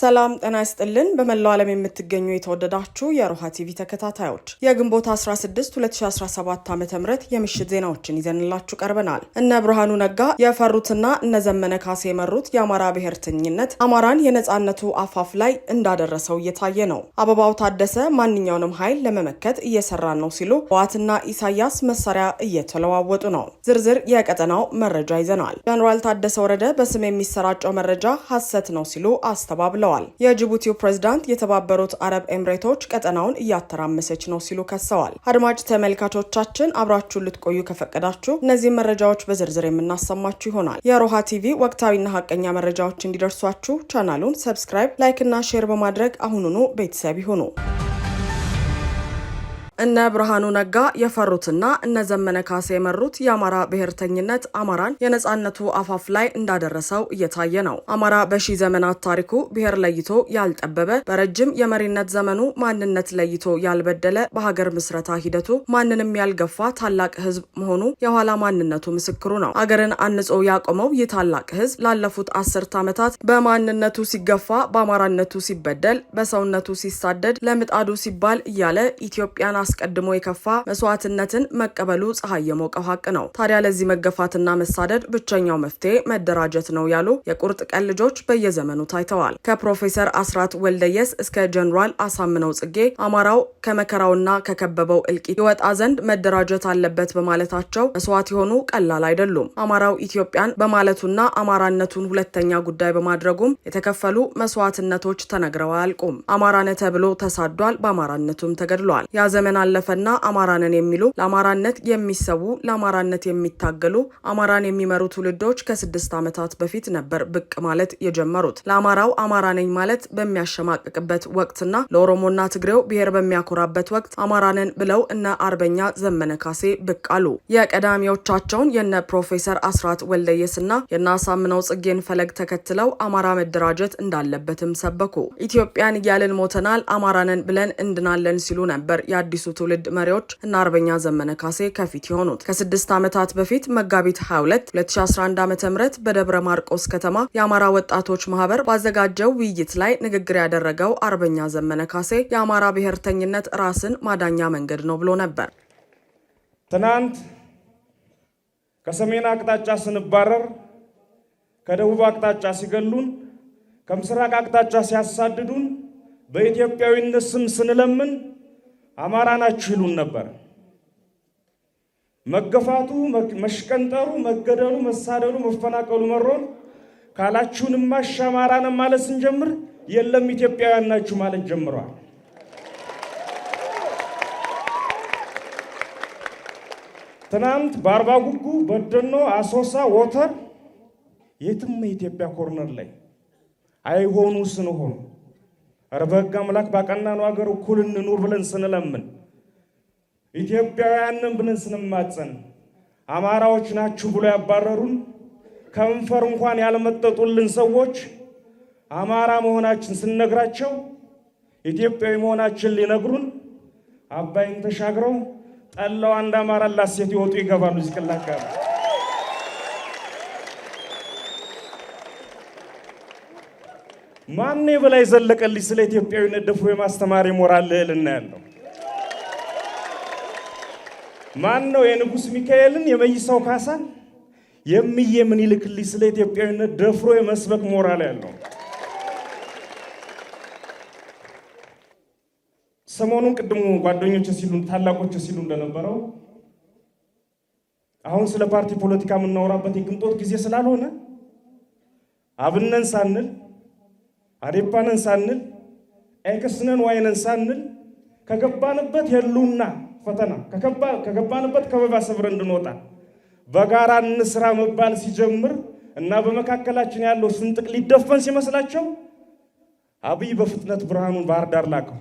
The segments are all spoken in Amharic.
ሰላም ጤና ይስጥልን። በመላው ዓለም የምትገኙ የተወደዳችሁ የሮሃ ቲቪ ተከታታዮች የግንቦት 16 2017 ዓ ም የምሽት ዜናዎችን ይዘንላችሁ ቀርበናል። እነ ብርሃኑ ነጋ የፈሩትና እነ ዘመነ ካሴ የመሩት የአማራ ብሔርተኝነት አማራን የነፃነቱ አፋፍ ላይ እንዳደረሰው እየታየ ነው። አበባው ታደሰ ማንኛውንም ኃይል ለመመከት እየሰራን ነው ሲሉ ህወሓትና ኢሳያስ መሳሪያ እየተለዋወጡ ነው። ዝርዝር የቀጠናው መረጃ ይዘናል። ጀኔራል ታደሰ ወረደ በስም የሚሰራጨው መረጃ ሀሰት ነው ሲሉ አስተባብለዋል። ብለዋል። የጅቡቲው ፕሬዝዳንት የተባበሩት አረብ ኤምሬቶች ቀጠናውን እያተራመሰች ነው ሲሉ ከሰዋል። አድማጭ ተመልካቾቻችን አብራችሁን ልትቆዩ ከፈቀዳችሁ እነዚህ መረጃዎች በዝርዝር የምናሰማችሁ ይሆናል። የሮሃ ቲቪ ወቅታዊና ሀቀኛ መረጃዎች እንዲደርሷችሁ ቻናሉን ሰብስክራይብ፣ ላይክ እና ሼር በማድረግ አሁኑኑ ቤተሰብ ይሁኑ። እነ ብርሃኑ ነጋ የፈሩትና እነ ዘመነ ካሴ የመሩት የአማራ ብሔርተኝነት አማራን የነጻነቱ አፋፍ ላይ እንዳደረሰው እየታየ ነው። አማራ በሺ ዘመናት ታሪኩ ብሔር ለይቶ ያልጠበበ በረጅም የመሪነት ዘመኑ ማንነት ለይቶ ያልበደለ በሀገር ምስረታ ሂደቱ ማንንም ያልገፋ ታላቅ ሕዝብ መሆኑ የኋላ ማንነቱ ምስክሩ ነው። አገርን አንጾ ያቆመው ይህ ታላቅ ሕዝብ ላለፉት አስርት ዓመታት በማንነቱ ሲገፋ፣ በአማራነቱ ሲበደል፣ በሰውነቱ ሲሳደድ፣ ለምጣዱ ሲባል እያለ ኢትዮጵያን አስቀድሞ የከፋ መስዋዕትነትን መቀበሉ ፀሐይ የሞቀው ሀቅ ነው። ታዲያ ለዚህ መገፋትና መሳደድ ብቸኛው መፍትሄ መደራጀት ነው ያሉ የቁርጥ ቀን ልጆች በየዘመኑ ታይተዋል። ከፕሮፌሰር አስራት ወልደየስ እስከ ጀኔራል አሳምነው ጽጌ አማራው ከመከራውና ከከበበው እልቂት ይወጣ ዘንድ መደራጀት አለበት በማለታቸው መስዋዕት የሆኑ ቀላል አይደሉም። አማራው ኢትዮጵያን በማለቱና አማራነቱን ሁለተኛ ጉዳይ በማድረጉም የተከፈሉ መስዋዕትነቶች ተነግረው አያልቁም። አማራነ ተብሎ ተሳዷል፣ በአማራነቱም ተገድሏል። ያ ዘመን አለፈና አማራንን የሚሉ ለአማራነት የሚሰዉ ለአማራነት የሚታገሉ አማራን የሚመሩ ትውልዶች ከስድስት ዓመታት በፊት ነበር ብቅ ማለት የጀመሩት። ለአማራው አማራ ነኝ ማለት በሚያሸማቅቅበት ወቅትና ለኦሮሞና ትግሬው ብሔር በሚያኮራበት ወቅት አማራንን ብለው እነ አርበኛ ዘመነ ካሴ ብቅ አሉ። የቀዳሚዎቻቸውን የነ ፕሮፌሰር አስራት ወልደየስና የነ አሳምነው ጽጌን ፈለግ ተከትለው አማራ መደራጀት እንዳለበትም ሰበኩ። ኢትዮጵያን እያልን ሞተናል፣ አማራንን ብለን እንድናለን ሲሉ ነበር የአዲሱ ትውልድ መሪዎች እና አርበኛ ዘመነ ካሴ ከፊት የሆኑት። ከስድስት ዓመታት በፊት መጋቢት 22 2011 ዓ ም በደብረ ማርቆስ ከተማ የአማራ ወጣቶች ማህበር ባዘጋጀው ውይይት ላይ ንግግር ያደረገው አርበኛ ዘመነ ካሴ የአማራ ብሔርተኝነት ራስን ማዳኛ መንገድ ነው ብሎ ነበር። ትናንት ከሰሜን አቅጣጫ ስንባረር፣ ከደቡብ አቅጣጫ ሲገሉን፣ ከምስራቅ አቅጣጫ ሲያሳድዱን፣ በኢትዮጵያዊነት ስም ስንለምን አማራ ናችሁ ይሉን ነበር። መገፋቱ፣ መሽቀንጠሩ፣ መገደሉ፣ መሳደሉ፣ መፈናቀሉ መሮን ካላችሁንማ እሺ አማራንም ማለት ስንጀምር የለም ኢትዮጵያውያን ናችሁ ማለት ጀምረዋል። ትናንት በአርባ ጉጉ፣ በደኖ፣ አሶሳ፣ ወተር የትም የኢትዮጵያ ኮርነር ላይ አይሆኑ ስንሆኑ ኧረ በሕግ አምላክ ባቀናነው ሀገር እኩል እንኑር ብለን ስንለምን ኢትዮጵያውያንን ብለን ስንማጸን አማራዎች ናችሁ ብሎ ያባረሩን ከንፈር እንኳን ያልመጠጡልን ሰዎች አማራ መሆናችን ስንነግራቸው ኢትዮጵያዊ መሆናችን ሊነግሩን አባይን ተሻግረው ጠላው አንድ አማራ ላሴት ይወጡ ይገባሉ ይስቅላካሉ። ማን በላይ ዘለቀልኝ ስለ ኢትዮጵያዊነት ደፍሮ የማስተማር ሞራል ልዕልና ያለው? ነው? የንጉሥ ሚካኤልን የመይሳው ካሳን የምዬ ይልክልኝ ስለ ኢትዮጵያዊነት ደፍሮ የመስበክ ሞራል ያለው? ሰሞኑን ቅድሙ ጓደኞች ሲሉ ታላቆች ሲሉ እንደነበረው አሁን ስለ ፓርቲ ፖለቲካ የምናወራበት የቅንጦት ጊዜ ስላልሆነ አብነን ሳንል አዴፓነን ሳንል ኤክስነን ዋይነን ሳንል ከገባንበት የሉና ፈተና ከገባንበት ከበባ ሰብረን እንድንወጣ በጋራ እንስራ መባል ሲጀምር እና በመካከላችን ያለው ስንጥቅ ሊደፈን ሲመስላቸው አብይ በፍጥነት ብርሃኑን ባህር ዳር ላከው።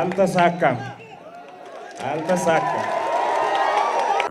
አልተሳካም፣ አልተሳካም።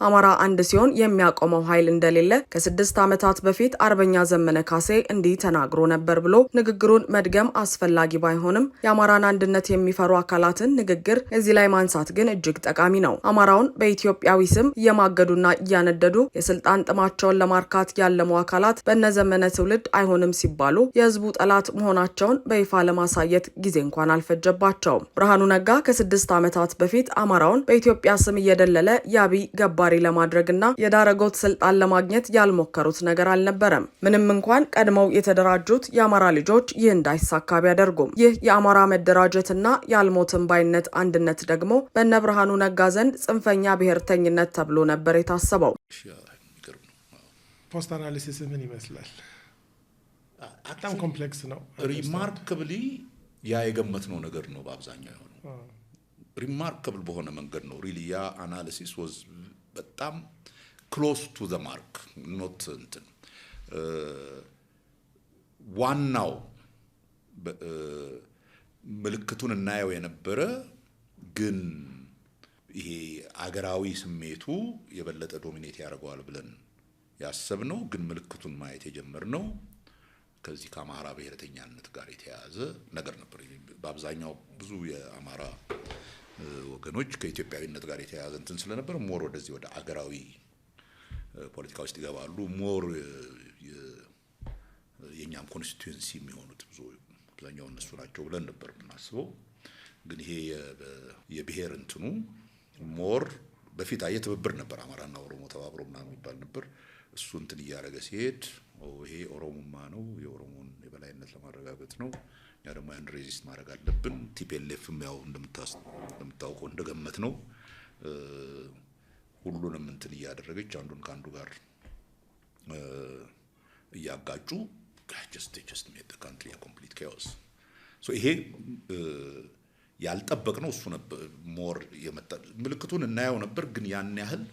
አማራ አንድ ሲሆን የሚያቆመው ኃይል እንደሌለ ከስድስት ዓመታት በፊት አርበኛ ዘመነ ካሴ እንዲህ ተናግሮ ነበር ብሎ ንግግሩን መድገም አስፈላጊ ባይሆንም የአማራን አንድነት የሚፈሩ አካላትን ንግግር እዚህ ላይ ማንሳት ግን እጅግ ጠቃሚ ነው። አማራውን በኢትዮጵያዊ ስም እየማገዱና እያነደዱ የስልጣን ጥማቸውን ለማርካት ያለሙ አካላት በነ ዘመነ ትውልድ አይሆንም ሲባሉ የህዝቡ ጠላት መሆናቸውን በይፋ ለማሳየት ጊዜ እንኳን አልፈጀባቸውም። ብርሃኑ ነጋ ከስድስት ዓመታት በፊት አማራውን በኢትዮጵያ ስም እየደለለ የአብይ ገባ ተግባራዊ ለማድረግና የዳረጎት ስልጣን ለማግኘት ያልሞከሩት ነገር አልነበረም። ምንም እንኳን ቀድመው የተደራጁት የአማራ ልጆች ይህ እንዳይሳካ ቢያደርጉም ይህ የአማራ መደራጀትና የአልሞትን ባይነት አንድነት ደግሞ በነ ብርሃኑ ነጋ ዘንድ ጽንፈኛ ብሔርተኝነት ተብሎ ነበር የታሰበው። ፖስት አናሊሲስ ምን ይመስላል? በጣም ኮምፕሌክስ ነው። ሪማርክብሊ ያ የገመትነው ነገር ነው በአብዛኛው የሆነው ሪማርክብል በሆነ መንገድ ነው ሪሊ ያ አናሊሲስ ወዝ በጣም ክሎስ ቱ ዘ ማርክ ኖት እንትን ዋናው ምልክቱን እናየው የነበረ ግን ይሄ አገራዊ ስሜቱ የበለጠ ዶሚኔት ያደርገዋል ብለን ነው ግን ምልክቱን ማየት ነው ከዚህ ከአማራ ብሔረተኛነት ጋር የተያያዘ ነገር ነበር። በአብዛኛው ብዙ የአማራ ወገኖች ከኢትዮጵያዊነት ጋር የተያያዘ እንትን ስለነበር ሞር ወደዚህ ወደ አገራዊ ፖለቲካ ውስጥ ይገባሉ። ሞር የእኛም ኮንስቲቱንሲ የሚሆኑት ብዙ አብዛኛው እነሱ ናቸው ብለን ነበር የምናስበው። ግን ይሄ የብሄር እንትኑ ሞር በፊት አየ ትብብር ነበር፣ አማራና ኦሮሞ ተባብሮ ምናምን የሚባል ነበር። እሱ እንትን እያደረገ ሲሄድ ይሄ ኦሮሞማ ነው፣ የኦሮሞን የበላይነት ለማረጋገጥ ነው። እኛ ደግሞ ያን ሬዚስት ማድረግ አለብን። ቲፒኤልኤፍም ያው እንደምታውቀው እንደገመት ነው ሁሉንም እንትን እያደረገች አንዱን ከአንዱ ጋር እያጋጩ ኮምፕሊት ይሄ ያልጠበቅ ነው። እሱ ነበር ሞር ምልክቱን እናየው ነበር ግን ያን ያህል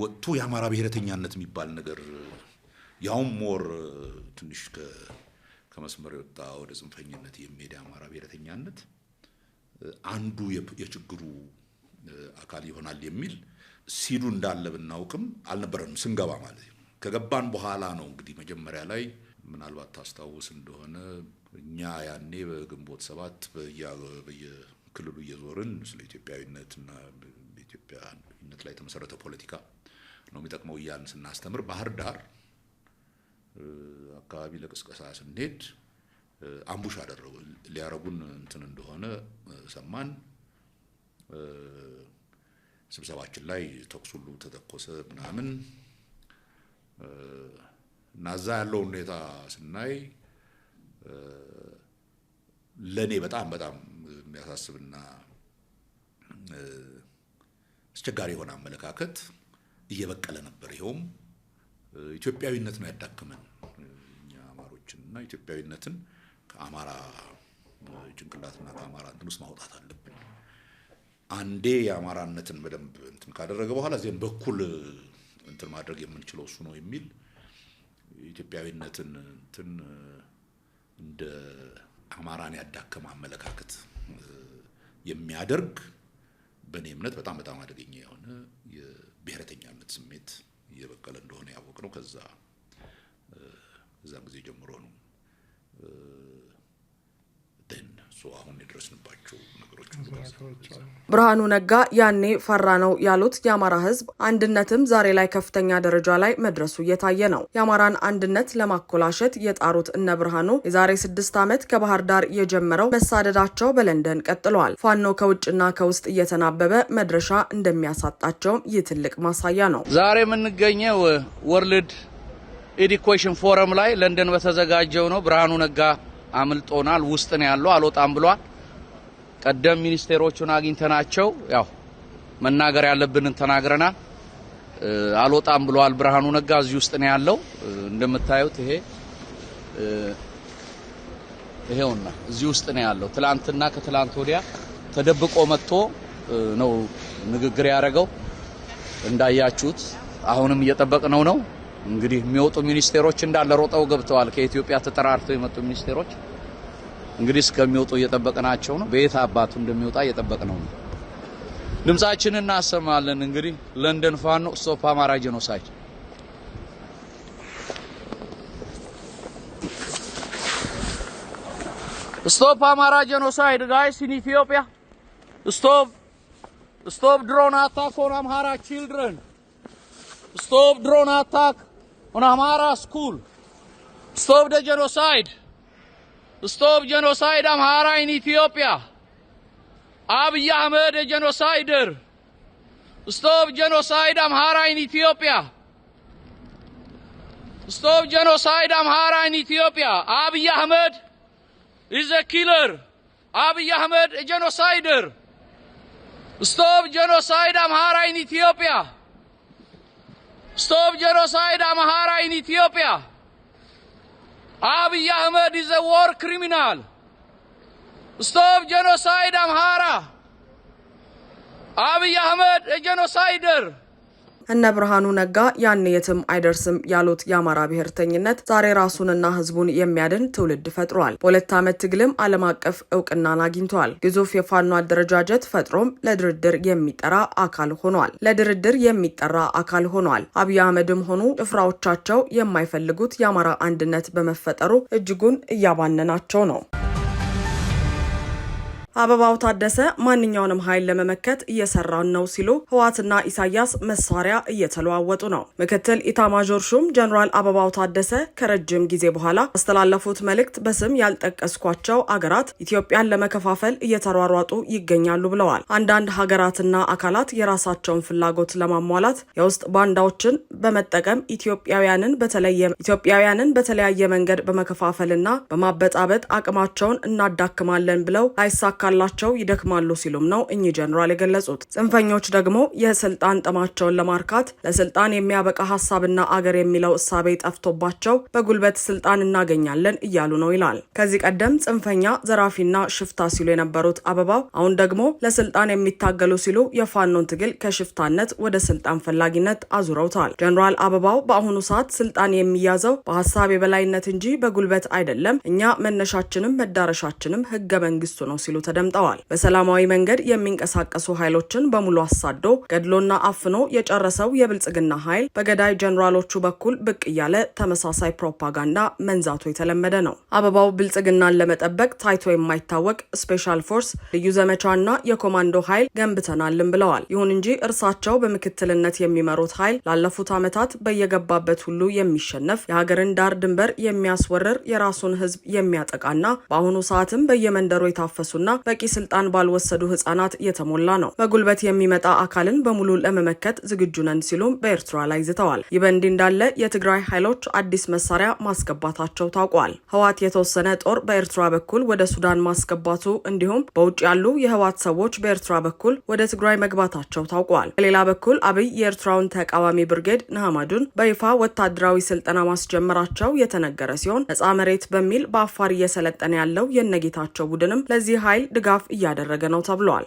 ወጥቶ የአማራ ብሔረተኛነት የሚባል ነገር ያውም ሞር ትንሽ ከመስመር የወጣ ወደ ጽንፈኝነት የሚሄድ የአማራ ብሔረተኛነት አንዱ የችግሩ አካል ይሆናል የሚል ሲሉ እንዳለ ብናውቅም አልነበረንም ስንገባ ማለት ነው። ከገባን በኋላ ነው እንግዲህ መጀመሪያ ላይ ምናልባት ታስታውስ እንደሆነ እኛ ያኔ በግንቦት ሰባት በየክልሉ እየዞርን ስለ ኢትዮጵያዊነትና ኢትዮጵያዊነት ላይ የተመሰረተ ፖለቲካ ነው የሚጠቅመው እያልን ስናስተምር ባህር ዳር አካባቢ ለቅስቀሳ ስንሄድ አምቡሽ አደረጉ ሊያረጉን እንትን እንደሆነ ሰማን። ስብሰባችን ላይ ተኩስ ሁሉ ተተኮሰ ምናምን እና እዛ ያለውን ሁኔታ ስናይ ለእኔ በጣም በጣም የሚያሳስብና አስቸጋሪ የሆነ አመለካከት እየበቀለ ነበር። ይኸውም ኢትዮጵያዊነት ነው ያዳክመን እኛ አማሮችን እና ኢትዮጵያዊነትን ከአማራ ጭንቅላትና ከአማራ እንትን ውስጥ ማውጣት አለብን። አንዴ የአማራነትን በደንብ እንትን ካደረገ በኋላ እዚህም በኩል እንትን ማድረግ የምንችለው እሱ ነው የሚል ኢትዮጵያዊነትን እንትን እንደ አማራን ያዳከመ አመለካከት የሚያደርግ በእኔ እምነት በጣም በጣም አደገኛ የሆነ የብሔረተኛነት ስሜት እየበቀለ እንደሆነ ያወቅ ነው። ከዛ እዛ ጊዜ ጀምሮ ነው አሁን የደረስንባቸው ነገሮች ብርሃኑ ነጋ ያኔ ፈራ ነው ያሉት የአማራ ህዝብ አንድነትም ዛሬ ላይ ከፍተኛ ደረጃ ላይ መድረሱ እየታየ ነው። የአማራን አንድነት ለማኮላሸት የጣሩት እነ ብርሃኑ የዛሬ ስድስት ዓመት ከባህር ዳር የጀመረው መሳደዳቸው በለንደን ቀጥለዋል። ፋኖ ከውጭና ከውስጥ እየተናበበ መድረሻ እንደሚያሳጣቸውም ይህ ትልቅ ማሳያ ነው። ዛሬ የምንገኘው ወርልድ ኤዲኮሽን ፎረም ላይ ለንደን በተዘጋጀው ነው። ብርሃኑ ነጋ አምልጦናል፣ ውስጥ ነው ያለው፣ አልወጣም ብሏል። ቀደም ሚኒስቴሮቹን አግኝተናቸው ያው መናገር ያለብንን ተናግረናል። አልወጣም ብሏል። ብርሃኑ ነጋ እዚህ ውስጥ ነው ያለው። እንደምታዩት ይሄ ይሄውና እዚህ ውስጥ ነው ያለው። ትላንትና ከትላንት ወዲያ ተደብቆ መጥቶ ነው ንግግር ያደረገው። እንዳያችሁት አሁንም ነው ነው። እንግዲህ የሚወጡ ሚኒስቴሮች እንዳለ ሮጠው ገብተዋል። ከኢትዮጵያ ተጠራርተው የመጡ ሚኒስቴሮች እንግዲህ እስከሚወጡ እየጠበቅናቸው ነው። በየት አባቱ እንደሚወጣ እየጠበቅነው ነው። ድምጻችንን እናሰማለን። እንግዲህ ለንደን ፋኖ ስቶፕ አማራ ጄኖሳይድ ስቶፕ አማራ ጀኖሳይድ ጋይስ ኢን ኢትዮጵያ ስቶፕ ስቶፕ ድሮን አታክ ኦን አምሃራ ቺልድረን ስቶፕ ድሮን አታክ on Amhara school. Stop the genocide. Stop genocide Amhara in Ethiopia. Abiy Ahmed a genocider. Stop genocide Amhara in Ethiopia. Stop genocide Amhara in Ethiopia. Abiy Ahmed is a killer. Abiy Ahmed a genocider. Stop genocide Amhara in Ethiopia. Stop genocide Amhara in Ethiopia. Abiy Ahmed is a war criminal. Stop genocide Amhara. Abiy Ahmed, a genocider. እነ ብርሃኑ ነጋ ያን የትም አይደርስም ያሉት የአማራ ብሔርተኝነት ዛሬ ራሱንና ህዝቡን የሚያድን ትውልድ ፈጥሯል። በሁለት ዓመት ትግልም ዓለም አቀፍ እውቅናን አግኝተዋል። ግዙፍ የፋኖ አደረጃጀት ፈጥሮም ለድርድር የሚጠራ አካል ሆኗል። ለድርድር የሚጠራ አካል ሆኗል። አብይ አህመድም ሆኑ ጭፍራዎቻቸው የማይፈልጉት የአማራ አንድነት በመፈጠሩ እጅጉን እያባነናቸው ነው። አበባው ታደሰ ማንኛውንም ኃይል ለመመከት እየሰራን ነው ሲሉ ህወሓትና ኢሳያስ መሳሪያ እየተለዋወጡ ነው። ምክትል ኢታማዦር ሹም ጀኔራል አበባው ታደሰ ከረጅም ጊዜ በኋላ ያስተላለፉት መልእክት በስም ያልጠቀስኳቸው አገራት ኢትዮጵያን ለመከፋፈል እየተሯሯጡ ይገኛሉ ብለዋል። አንዳንድ ሀገራትና አካላት የራሳቸውን ፍላጎት ለማሟላት የውስጥ ባንዳዎችን በመጠቀም ኢትዮጵያውያንን በተለየ ኢትዮጵያውያንን በተለያየ መንገድ በመከፋፈልና በማበጣበጥ አቅማቸውን እናዳክማለን ብለው አይሳካ ካላቸው ይደክማሉ ሲሉም ነው እኚህ ጀኔራል የገለጹት። ጽንፈኞች ደግሞ የስልጣን ጥማቸውን ለማርካት ለስልጣን የሚያበቃ ሀሳብና አገር የሚለው እሳቤ ጠፍቶባቸው በጉልበት ስልጣን እናገኛለን እያሉ ነው ይላል። ከዚህ ቀደም ጽንፈኛ ዘራፊና ሽፍታ ሲሉ የነበሩት አበባው አሁን ደግሞ ለስልጣን የሚታገሉ ሲሉ የፋኖን ትግል ከሽፍታነት ወደ ስልጣን ፈላጊነት አዙረውታል። ጀኔራል አበባው በአሁኑ ሰዓት ስልጣን የሚያዘው በሀሳብ የበላይነት እንጂ በጉልበት አይደለም፣ እኛ መነሻችንም መዳረሻችንም ህገ መንግስቱ ነው ሲሉ ተደምጠዋል። በሰላማዊ መንገድ የሚንቀሳቀሱ ኃይሎችን በሙሉ አሳዶ ገድሎና አፍኖ የጨረሰው የብልጽግና ኃይል በገዳይ ጀኔራሎቹ በኩል ብቅ እያለ ተመሳሳይ ፕሮፓጋንዳ መንዛቱ የተለመደ ነው። አበባው ብልጽግናን ለመጠበቅ ታይቶ የማይታወቅ ስፔሻል ፎርስ ልዩ ዘመቻና የኮማንዶ ኃይል ገንብተናልን ብለዋል። ይሁን እንጂ እርሳቸው በምክትልነት የሚመሩት ኃይል ላለፉት ዓመታት በየገባበት ሁሉ የሚሸነፍ የሀገርን ዳር ድንበር የሚያስወርር የራሱን ሕዝብ የሚያጠቃና በአሁኑ ሰዓትም በየመንደሩ የታፈሱና በቂ ስልጣን ባልወሰዱ ህጻናት የተሞላ ነው። በጉልበት የሚመጣ አካልን በሙሉ ለመመከት ዝግጁ ነን ሲሉም በኤርትራ ላይ ዝተዋል። ይህ በእንዲህ እንዳለ የትግራይ ኃይሎች አዲስ መሳሪያ ማስገባታቸው ታውቋል። ህዋት የተወሰነ ጦር በኤርትራ በኩል ወደ ሱዳን ማስገባቱ እንዲሁም በውጭ ያሉ የህዋት ሰዎች በኤርትራ በኩል ወደ ትግራይ መግባታቸው ታውቋል። በሌላ በኩል አብይ የኤርትራውን ተቃዋሚ ብርጌድ ንሓመዱን በይፋ ወታደራዊ ስልጠና ማስጀመራቸው የተነገረ ሲሆን ነጻ መሬት በሚል በአፋር እየሰለጠነ ያለው የነጌታቸው ቡድንም ለዚህ ኃይል ድጋፍ እያደረገ ነው ተብሏል።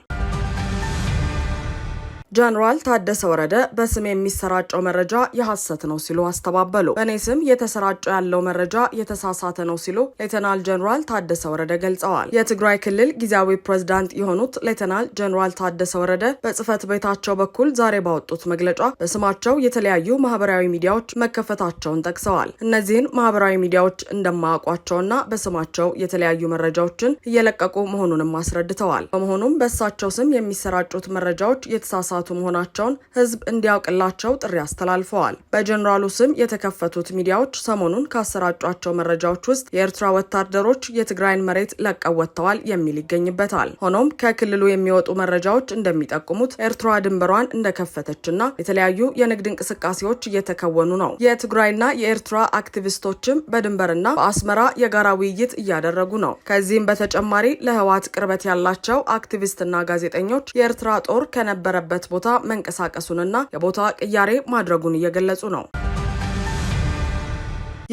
ጀኔራል ታደሰ ወረደ በስም የሚሰራጨው መረጃ የሐሰት ነው ሲሉ አስተባበሉ። በእኔ ስም የተሰራጨው ያለው መረጃ የተሳሳተ ነው ሲሉ ሌተናል ጀኔራል ታደሰ ወረደ ገልጸዋል። የትግራይ ክልል ጊዜያዊ ፕሬዝዳንት የሆኑት ሌተናል ጀኔራል ታደሰ ወረደ በጽህፈት ቤታቸው በኩል ዛሬ ባወጡት መግለጫ በስማቸው የተለያዩ ማህበራዊ ሚዲያዎች መከፈታቸውን ጠቅሰዋል። እነዚህን ማህበራዊ ሚዲያዎች እንደማያውቋቸውና በስማቸው የተለያዩ መረጃዎችን እየለቀቁ መሆኑንም አስረድተዋል። በመሆኑም በእሳቸው ስም የሚሰራጩት መረጃዎች የተሳሳቱ እየተከፈቱ መሆናቸውን ህዝብ እንዲያውቅላቸው ጥሪ አስተላልፈዋል። በጀኔራሉ ስም የተከፈቱት ሚዲያዎች ሰሞኑን ካሰራጯቸው መረጃዎች ውስጥ የኤርትራ ወታደሮች የትግራይን መሬት ለቀው ወጥተዋል የሚል ይገኝበታል። ሆኖም ከክልሉ የሚወጡ መረጃዎች እንደሚጠቁሙት ኤርትራ ድንበሯን እንደከፈተችና የተለያዩ የንግድ እንቅስቃሴዎች እየተከወኑ ነው። የትግራይና የኤርትራ አክቲቪስቶችም በድንበርና በአስመራ የጋራ ውይይት እያደረጉ ነው። ከዚህም በተጨማሪ ለህወሓት ቅርበት ያላቸው አክቲቪስትና ጋዜጠኞች የኤርትራ ጦር ከነበረበት ቦታ ቦታ መንቀሳቀሱንና የቦታ ቅያሬ ማድረጉን እየገለጹ ነው።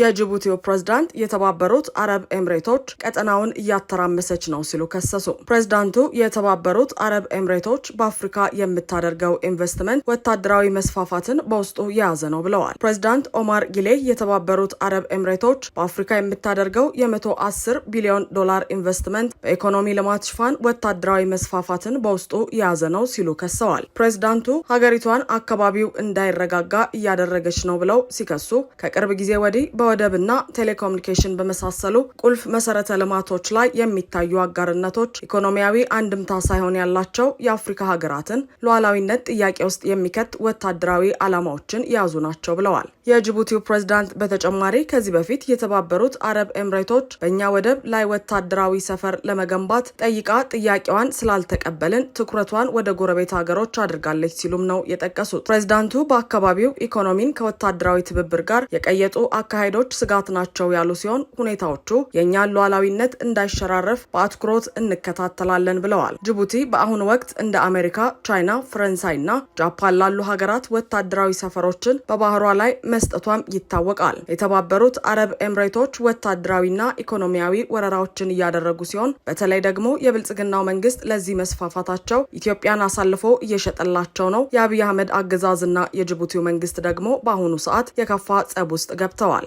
የጅቡቲው ፕሬዝዳንት የተባበሩት አረብ ኤምሬቶች ቀጠናውን እያተራመሰች ነው ሲሉ ከሰሱ። ፕሬዝዳንቱ የተባበሩት አረብ ኤምሬቶች በአፍሪካ የምታደርገው ኢንቨስትመንት ወታደራዊ መስፋፋትን በውስጡ የያዘ ነው ብለዋል። ፕሬዝዳንት ኦማር ጊሌ የተባበሩት አረብ ኤምሬቶች በአፍሪካ የምታደርገው የ110 ቢሊዮን ዶላር ኢንቨስትመንት በኢኮኖሚ ልማት ሽፋን ወታደራዊ መስፋፋትን በውስጡ የያዘ ነው ሲሉ ከሰዋል። ፕሬዝዳንቱ ሀገሪቷን አካባቢው እንዳይረጋጋ እያደረገች ነው ብለው ሲከሱ ከቅርብ ጊዜ ወዲህ በወደብና ቴሌኮሙኒኬሽን በመሳሰሉ ቁልፍ መሰረተ ልማቶች ላይ የሚታዩ አጋርነቶች ኢኮኖሚያዊ አንድምታ ሳይሆን ያላቸው የአፍሪካ ሀገራትን ሉዓላዊነት ጥያቄ ውስጥ የሚከት ወታደራዊ ዓላማዎችን የያዙ ናቸው ብለዋል። የጅቡቲው ፕሬዝዳንት በተጨማሪ ከዚህ በፊት የተባበሩት አረብ ኤምሬቶች በእኛ ወደብ ላይ ወታደራዊ ሰፈር ለመገንባት ጠይቃ ጥያቄዋን ስላልተቀበልን ትኩረቷን ወደ ጎረቤት ሀገሮች አድርጋለች ሲሉም ነው የጠቀሱት። ፕሬዝዳንቱ በአካባቢው ኢኮኖሚን ከወታደራዊ ትብብር ጋር የቀየጡ አካሄዱ ሰነዶች ስጋት ናቸው ያሉ ሲሆን ሁኔታዎቹ የእኛን ሉዓላዊነት እንዳይሸራረፍ በአትኩሮት እንከታተላለን ብለዋል። ጅቡቲ በአሁኑ ወቅት እንደ አሜሪካ፣ ቻይና፣ ፈረንሳይ እና ጃፓን ላሉ ሀገራት ወታደራዊ ሰፈሮችን በባህሯ ላይ መስጠቷም ይታወቃል። የተባበሩት አረብ ኤምሬቶች ወታደራዊና ኢኮኖሚያዊ ወረራዎችን እያደረጉ ሲሆን በተለይ ደግሞ የብልጽግናው መንግስት ለዚህ መስፋፋታቸው ኢትዮጵያን አሳልፎ እየሸጠላቸው ነው። የአብይ አህመድ አገዛዝና የጅቡቲው መንግስት ደግሞ በአሁኑ ሰዓት የከፋ ጸብ ውስጥ ገብተዋል።